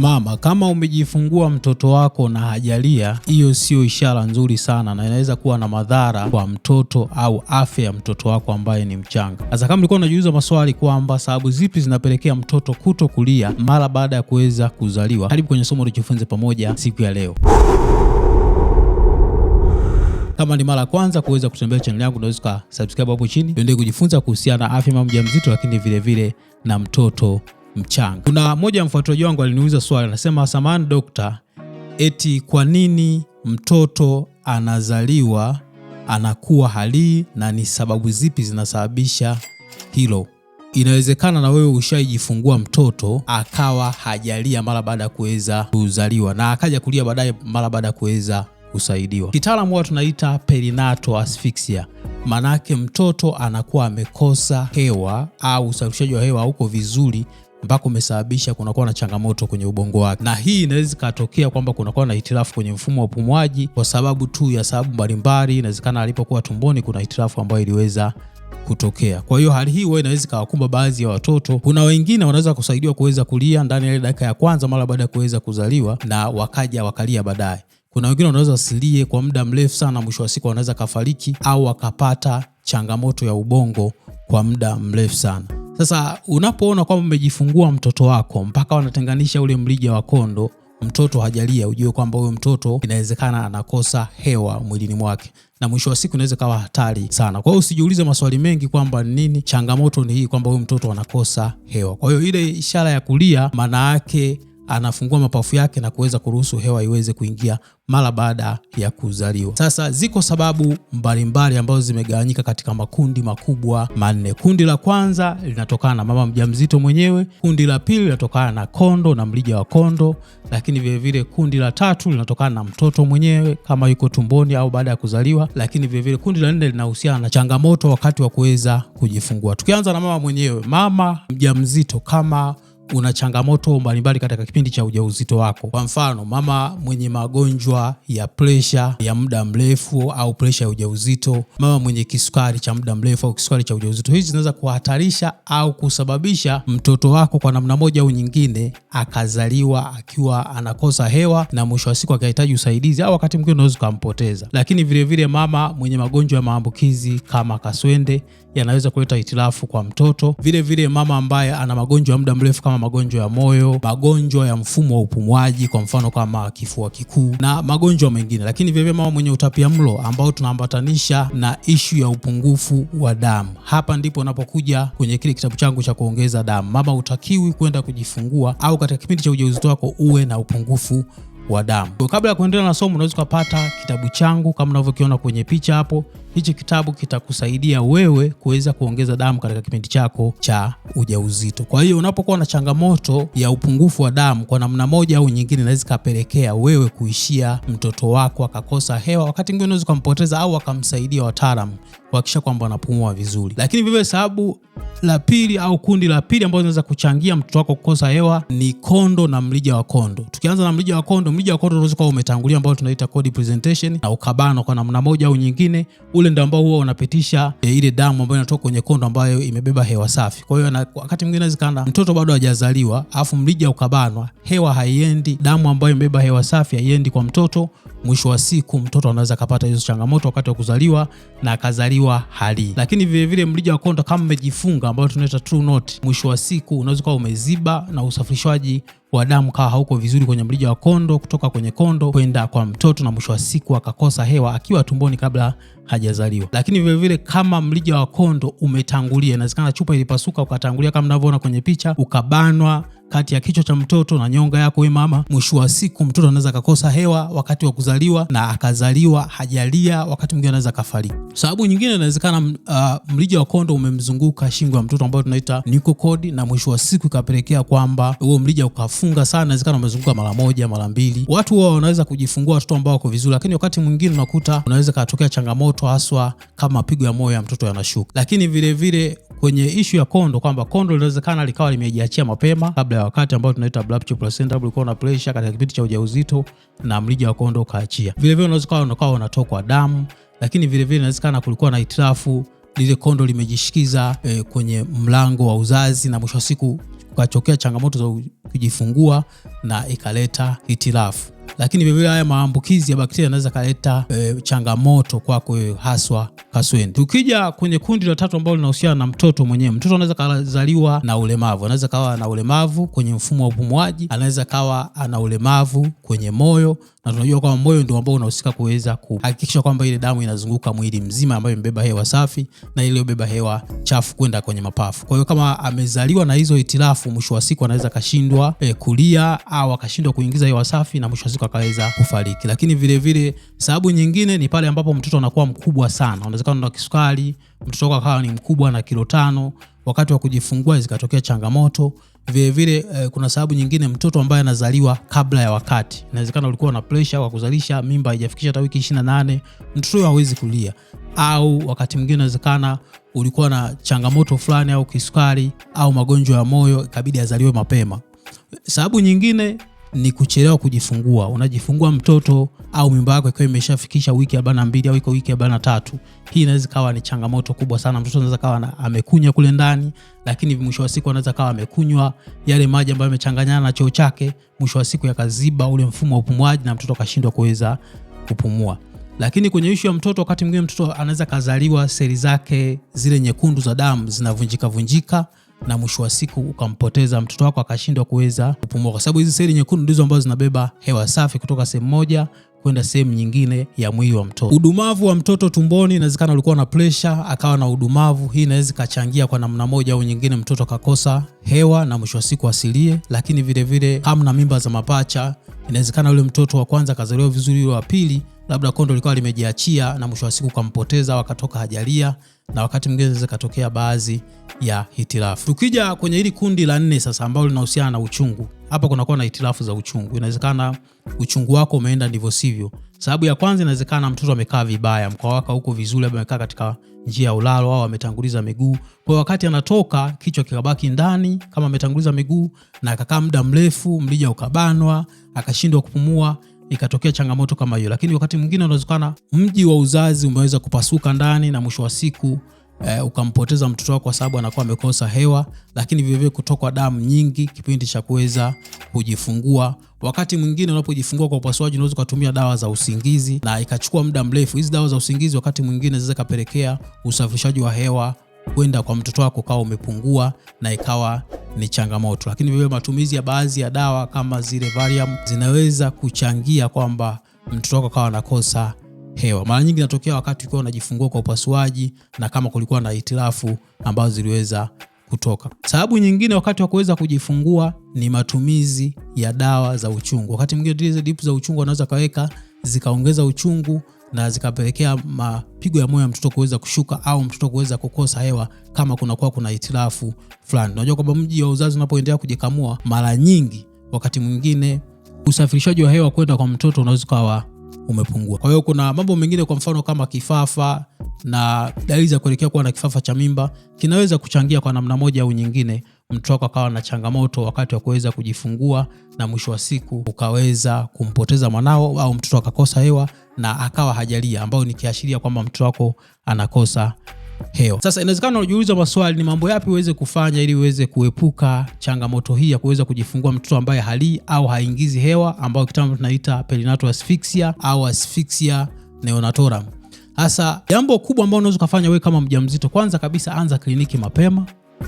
Mama, kama umejifungua mtoto wako na hajalia, hiyo sio ishara nzuri sana, na inaweza kuwa na madhara kwa mtoto au afya ya mtoto wako ambaye ni mchanga. Sasa kama ulikuwa unajiuliza maswali kwamba sababu zipi zinapelekea mtoto kuto kulia mara baada ya kuweza kuzaliwa, karibu kwenye somo tujifunze pamoja siku ya leo. Kama ni mara ya kwanza kuweza kutembea channel yangu, unaweza subscribe hapo chini, tuendelee kujifunza kuhusiana na afya mama mjamzito, lakini vilevile na mtoto mchanga. Kuna moja ya mfuatiliaji wangu aliniuliza swali, anasema samani dokta, eti kwa nini mtoto anazaliwa anakuwa halii na ni sababu zipi zinasababisha hilo? Inawezekana na wewe ushaijifungua mtoto akawa hajalia mara baada ya kuweza kuzaliwa na akaja kulia baadaye mara baada ya kuweza kusaidiwa. Kitaalamu huwa tunaita perinato asphyxia, maanake mtoto anakuwa amekosa hewa au usafirishaji wa hewa hauko vizuri mpaka umesababisha kunakuwa na changamoto kwenye ubongo wake, na hii inaweza ikatokea kwamba kunakuwa na hitilafu kwenye mfumo wa upumuaji kwa sababu tu ya sababu mbalimbali. Inawezekana alipokuwa tumboni kuna hitilafu ambayo iliweza kutokea. Kwa hiyo hali hii huwa inaweza ikawakumba baadhi ya watoto. Kuna wengine wanaweza kusaidiwa kuweza kulia ndani ya ile dakika ya kwanza mara baada ya kuweza kuzaliwa na wakaja wakalia baadaye. Kuna wengine wanaweza wasilie kwa muda mrefu sana, mwisho wa siku wanaweza kafariki au wakapata changamoto ya ubongo kwa muda mrefu sana. Sasa unapoona kwamba umejifungua mtoto wako mpaka wanatenganisha ule mrija wa kondo, mtoto hajalia, ujue kwamba huyo mtoto inawezekana anakosa hewa mwilini mwake na mwisho wa siku inaweza kawa hatari sana. Kwa hiyo usijiulize maswali mengi kwamba nini changamoto ni hii, kwamba huyo mtoto anakosa hewa. Kwa hiyo ile ishara ya kulia maana yake anafungua mapafu yake na kuweza kuruhusu hewa iweze kuingia mara baada ya kuzaliwa. Sasa ziko sababu mbalimbali ambazo zimegawanyika katika makundi makubwa manne. Kundi la kwanza linatokana na mama mjamzito mwenyewe, kundi la pili linatokana na kondo na mlija wa kondo, lakini vilevile kundi la tatu linatokana na mtoto mwenyewe kama yuko tumboni au baada ya kuzaliwa, lakini vilevile kundi la nne linahusiana na changamoto wakati wa kuweza kujifungua. Tukianza na mama mwenyewe, mama mjamzito kama una changamoto mbalimbali katika kipindi cha ujauzito wako. Kwa mfano, mama mwenye magonjwa ya presha ya muda mrefu au presha ya ujauzito, mama mwenye kisukari cha muda mrefu au kisukari cha ujauzito, hizi zinaweza kuhatarisha au kusababisha mtoto wako kwa namna moja au nyingine akazaliwa akiwa anakosa hewa na mwisho wa siku akahitaji usaidizi, au wakati mwingine unaweza ukampoteza. Lakini vilevile vile mama mwenye magonjwa ya maambukizi kama kaswende yanaweza kuleta hitilafu kwa mtoto. Vile vile mama ambaye ana magonjwa ya muda mrefu kama magonjwa ya moyo, magonjwa ya mfumo wa upumuaji, kwa mfano kama kifua kikuu na magonjwa mengine. Lakini vile vile mama mwenye utapia mlo ambao tunaambatanisha na ishu ya upungufu wa damu. Hapa ndipo unapokuja kwenye kile kitabu changu cha kuongeza damu. Mama hutakiwi kwenda kujifungua au katika kipindi cha ujauzito wako uwe na upungufu wa damu. Kwa kabla ya kuendelea na somo, unaweza ukapata kitabu changu kama unavyokiona kwenye picha hapo. Hichi kitabu kitakusaidia wewe kuweza kuongeza damu katika kipindi chako cha ujauzito. Kwa hiyo unapokuwa na changamoto ya upungufu wa damu kwa namna moja au nyingine, inaweza ikapelekea wewe kuishia mtoto wako akakosa hewa, wakati mwingine unaweza ukampoteza au akamsaidia wataalamu kuhakikisha kwamba wanapumua vizuri. Lakini vivyo sababu la pili au kundi la pili ambalo linaweza kuchangia mtoto wako kukosa hewa ni kondo na mlija wa kondo. Tukianza na mlija wa kondo, mlija wa kondo unaweza kuwa umetangulia, ambao tunaita code presentation na ukabanwa kwa namna moja au nyingine. Ule ndio ambao huwa unapitisha e, ile damu ambayo inatoka kwenye kondo ambayo imebeba hewa safi. Kwa hiyo wakati mwingine inawezekana mtoto bado hajazaliwa, afu mlija ukabanwa, hewa haiendi, damu ambayo imebeba hewa safi haiendi kwa mtoto mwisho wa siku mtoto anaweza akapata hizo changamoto wakati wa kuzaliwa na akazaliwa hali. Lakini vilevile mrija wa kondo kama umejifunga, ambayo tunaita true knot, mwisho wa siku unaweza ukawa umeziba na usafirishaji wa damu kawa hauko vizuri kwenye mrija wa kondo kutoka kwenye kondo kwenda kwa mtoto, na mwisho wa siku akakosa hewa akiwa tumboni kabla hajazaliwa. Lakini vilevile kama mrija wa kondo umetangulia, inawezekana chupa ilipasuka ukatangulia, kama mnavyoona kwenye picha, ukabanwa kati ya kichwa cha mtoto na nyonga yako we mama. Mwisho wa siku mtoto anaweza akakosa hewa wakati wa kuzaliwa na akazaliwa hajalia, wakati mwingine anaweza akafariki. Sababu nyingine inawezekana uh, mrija wa kondo umemzunguka shingo ya mtoto ambayo tunaita nucleocode, na mwisho wa siku ikapelekea kwamba huo mrija ukafunga sana. Inawezekana umezunguka mara moja mara mbili. Watu wao wanaweza kujifungua watoto ambao wako vizuri, lakini wakati mwingine unakuta unaweza katokea changamoto, haswa kama mapigo ya moyo ya mtoto yanashuka. Lakini vilevile vile, kwenye ishu ya kondo kwamba kondo linawezekana likawa limejiachia mapema kabla ya wakati ambao tunaita blood pressure placenta ulikuwa una pressure katika kipindi cha ujauzito na mrija wa kondo ukaachia Vile vile unaweza ukawa unatokwa damu, lakini vile vile inawezekana kulikuwa na hitilafu, lile kondo limejishikiza e, kwenye mlango wa uzazi na mwisho wa siku ukachokea changamoto za kujifungua na ikaleta itilafu lakini vilevile haya maambukizi ya bakteria yanaweza kaleta e, changamoto kwako haswa kaswende. Tukija kwenye kundi la tatu ambalo linahusiana na mtoto mwenyewe, mtoto anaweza kazaliwa na ulemavu, anaweza kawa na ulemavu kwenye mfumo wa upumuaji, anaweza kawa ana ulemavu kwenye moyo, na tunajua kwamba moyo ndio ambao unahusika kuweza kuhakikisha kwamba ile damu inazunguka mwili mzima, ambayo imebeba hewa safi na iliyobeba hewa chafu kwenda kwenye mapafu. Kwa hiyo kama amezaliwa na hizo hitilafu, mwisho wa siku anaweza kashindwa e, kulia au akashindwa kuingiza hewa safi na mwisho wa siku mtoto akaweza kufariki. Lakini vile vile sababu nyingine ni pale ambapo mtoto anakuwa mkubwa sana, unawezekana na kisukari, mtoto wako akawa ni mkubwa na kilo tano, wakati wa kujifungua zikatokea changamoto. Vile vile eh, kuna sababu nyingine, mtoto ambaye anazaliwa kabla ya wakati, inawezekana ulikuwa na pressure kwa kuzalisha, mimba haijafikisha hata wiki 28, mtoto huyo hawezi kulia, au wakati mwingine inawezekana ulikuwa na changamoto fulani, au kisukari au magonjwa ya moyo, ikabidi azaliwe mapema. Sababu nyingine ni kuchelewa kujifungua. Unajifungua mtoto au mimba yako ikiwa imeshafikisha wiki arobaini na au iko wiki arobaini tatu. Hii inaweza kawa ni changamoto kubwa sana. Mtoto anaweza kawa amekunywa kule ndani, lakini mwisho wa siku anaweza kawa amekunywa yale maji ambayo yamechanganyana na choo chake, mwisho wa siku yakaziba ule mfumo wa upumuaji na mtoto akashindwa kuweza kupumua. Lakini kwenye ishu ya mtoto, wakati mwingine mtoto anaweza kazaliwa seli zake zile nyekundu za damu zinavunjika vunjika, vunjika na mwisho wa siku ukampoteza mtoto wako akashindwa kuweza kupumua, kwa sababu hizi seli nyekundu ndizo ambazo zinabeba hewa safi kutoka sehemu moja kwenda sehemu nyingine ya mwili wa mtoto. Udumavu wa mtoto tumboni, inawezekana alikuwa na presha akawa na udumavu. Hii inaweza ikachangia kwa namna moja au nyingine, mtoto akakosa hewa na mwisho wa siku asilie. Lakini vilevile hamu mimba za mapacha, inawezekana yule mtoto wa kwanza akazaliwa vizuri, yule wa pili labda kondo likawa limejiachia na mwisho wa siku kampoteza au akatoka hajalia, na wakati mwingine inaweza katokea baadhi ya hitilafu. Tukija kwenye hili kundi la nne sasa, ambalo linahusiana na uchungu hapa kunakuwa na itilafu za uchungu. Inawezekana uchungu wako umeenda ndivyo sivyo. Sababu ya kwanza inawezekana mtoto amekaa vibaya, mkwa wake huko vizuri, labda amekaa katika njia ya ulalo au ametanguliza miguu. Kwa wakati anatoka kichwa kikabaki ndani kama ametanguliza miguu na akakaa muda mrefu, mlija ukabanwa, akashindwa kupumua, ikatokea changamoto kama hiyo. Lakini wakati mwingine unawezekana mji wa uzazi umeweza kupasuka ndani na mwisho wa siku eh, ukampoteza mtoto wako kwa sababu anakuwa amekosa hewa, lakini vilevile kutokwa damu nyingi kipindi cha kuweza kujifungua. Wakati mwingine unapojifungua kwa upasuaji unaweza ukatumia dawa za usingizi na ikachukua muda mrefu. Hizi dawa za usingizi wakati mwingine zinaweza kapelekea usafirishaji wa hewa kwenda kwa mtoto wako ukawa umepungua na ikawa ni changamoto. Lakini vile matumizi ya baadhi ya dawa kama zile Valium zinaweza kuchangia kwamba mtoto wako akawa anakosa hewa. Mara nyingi inatokea wakati ukiwa unajifungua kwa upasuaji na kama kulikuwa na hitilafu ambazo ziliweza kutoka. Sababu nyingine wakati wa kuweza kujifungua ni matumizi ya dawa za uchungu. Wakati mwingine zile drip za uchungu wanaweza kaweka zikaongeza uchungu na zikapelekea mapigo ya moyo ya mtoto kuweza kushuka au mtoto kuweza kukosa hewa kama kunakuwa kuna hitilafu fulani. Unajua kwamba mji wa uzazi unapoendelea kujikamua, mara nyingi wakati mwingine usafirishaji wa hewa kwenda kwa mtoto unaweza ukawa umepungua. Kwa hiyo kuna mambo mengine, kwa mfano kama kifafa na dalili za kuelekea kuwa na kifafa cha mimba, kinaweza kuchangia kwa namna moja au nyingine mtoto wako akawa na changamoto wakati wa kuweza kujifungua, na mwisho wa siku ukaweza kumpoteza mwanao au mtoto akakosa hewa na akawa hajalia, ambayo ni kiashiria kwamba mtoto wako anakosa hewa. Sasa inawezekana unajiuliza maswali, ni mambo yapi uweze kufanya ili uweze kuepuka changamoto hii ya kuweza kujifungua mtoto ambaye halii au haingizi hewa, ambayo kitambo tunaita perinatal asphyxia au asphyxia neonatorum. Hasa jambo kubwa ambalo unaweza ukafanya wewe kama mjamzito, kwanza kabisa, anza kliniki mapema,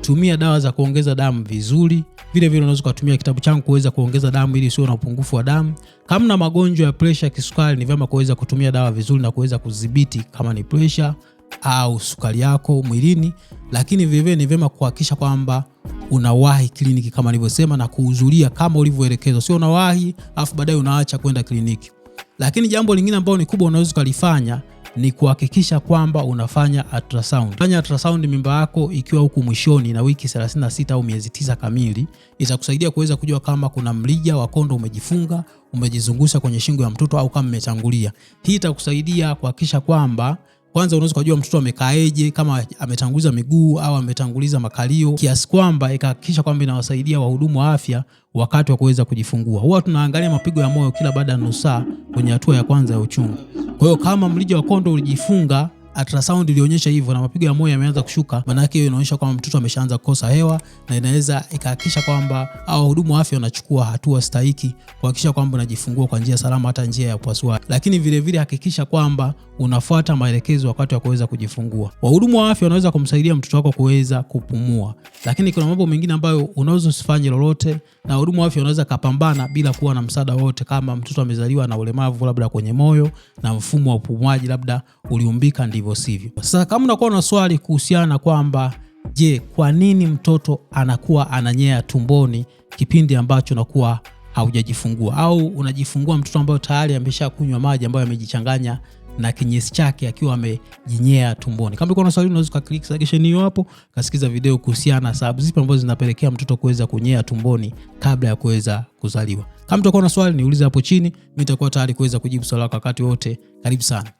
tumia dawa za kuongeza damu vizuri. Vile vile unaweza ukatumia kitabu changu kuweza kuongeza damu ili usiwe na upungufu wa damu. Kama na magonjwa ya presha, kisukari, ni vyema kuweza kutumia dawa vizuri na kuweza kudhibiti kama ni presha au sukari yako mwilini, lakini vilevile ni vyema kuhakikisha kwamba unawahi kliniki kama nilivyosema, na kuhudhuria kama ulivyoelekezwa, sio unawahi afu baadaye unaacha kwenda kliniki. Lakini jambo lingine ambalo ni kubwa unaweza ukalifanya ni kuhakikisha kwamba unafanya ultrasound. Fanya ultrasound mimba yako ikiwa huku mwishoni na wiki 36 au miezi tisa kamili, itakusaidia kuweza kujua kama kuna mrija wa kondo umejifunga, umejizungusha kwenye shingo ya mtoto au kama umetangulia. Hii itakusaidia kuhakikisha kwamba kwanza unaweza kujua mtoto amekaaje, kama ametanguliza miguu au ametanguliza makalio, kiasi kwamba ikahakikisha kwamba inawasaidia wahudumu wa afya wakati wa kuweza kujifungua. Huwa tunaangalia mapigo ya moyo kila baada ya nusu saa kwenye hatua ya kwanza ya uchungu. Kwa hiyo kama mrija wa kondo ulijifunga ultrasound ilionyesha hivyo na mapigo ya moyo yameanza kushuka, maana yake hiyo inaonyesha kwamba mtoto ameshaanza kukosa hewa, na inaweza ikahakikisha kwamba au wahudumu wa afya wanachukua hatua stahiki kuhakikisha kwamba unajifungua kwa njia salama, hata njia ya upasuaji. Lakini vilevile hakikisha kwamba unafuata maelekezo wakati wa kuweza kujifungua. Wahudumu wa afya wanaweza kumsaidia mtoto wako kuweza kupumua, lakini kuna mambo mengine ambayo unaweza usifanye lolote, na wahudumu wa afya wanaweza kapambana bila kuwa na msaada wote, kama mtoto amezaliwa na ulemavu labda kwenye moyo na mfumo wa upumuaji labda uliumbika ndivyo hivyo sivyo. Sasa kama unakuwa na swali kuhusiana na kwamba je, kwa nini mtoto anakuwa ananyea tumboni kipindi ambacho unakuwa haujajifungua au unajifungua mtoto ambayo tayari ameshakunywa maji ambayo amejichanganya na kinyesi chake akiwa amejinyea tumboni. Kama uko na swali unaweza ukaklik suggestion hiyo hapo, kasikiza video kuhusiana na sababu zipi ambazo zinapelekea mtoto kuweza kunyea tumboni kabla ya kuweza kuzaliwa. Kama utakuwa na swali niulize hapo chini, mimi nitakuwa tayari kuweza kujibu swali lako wakati wote. Karibu sana.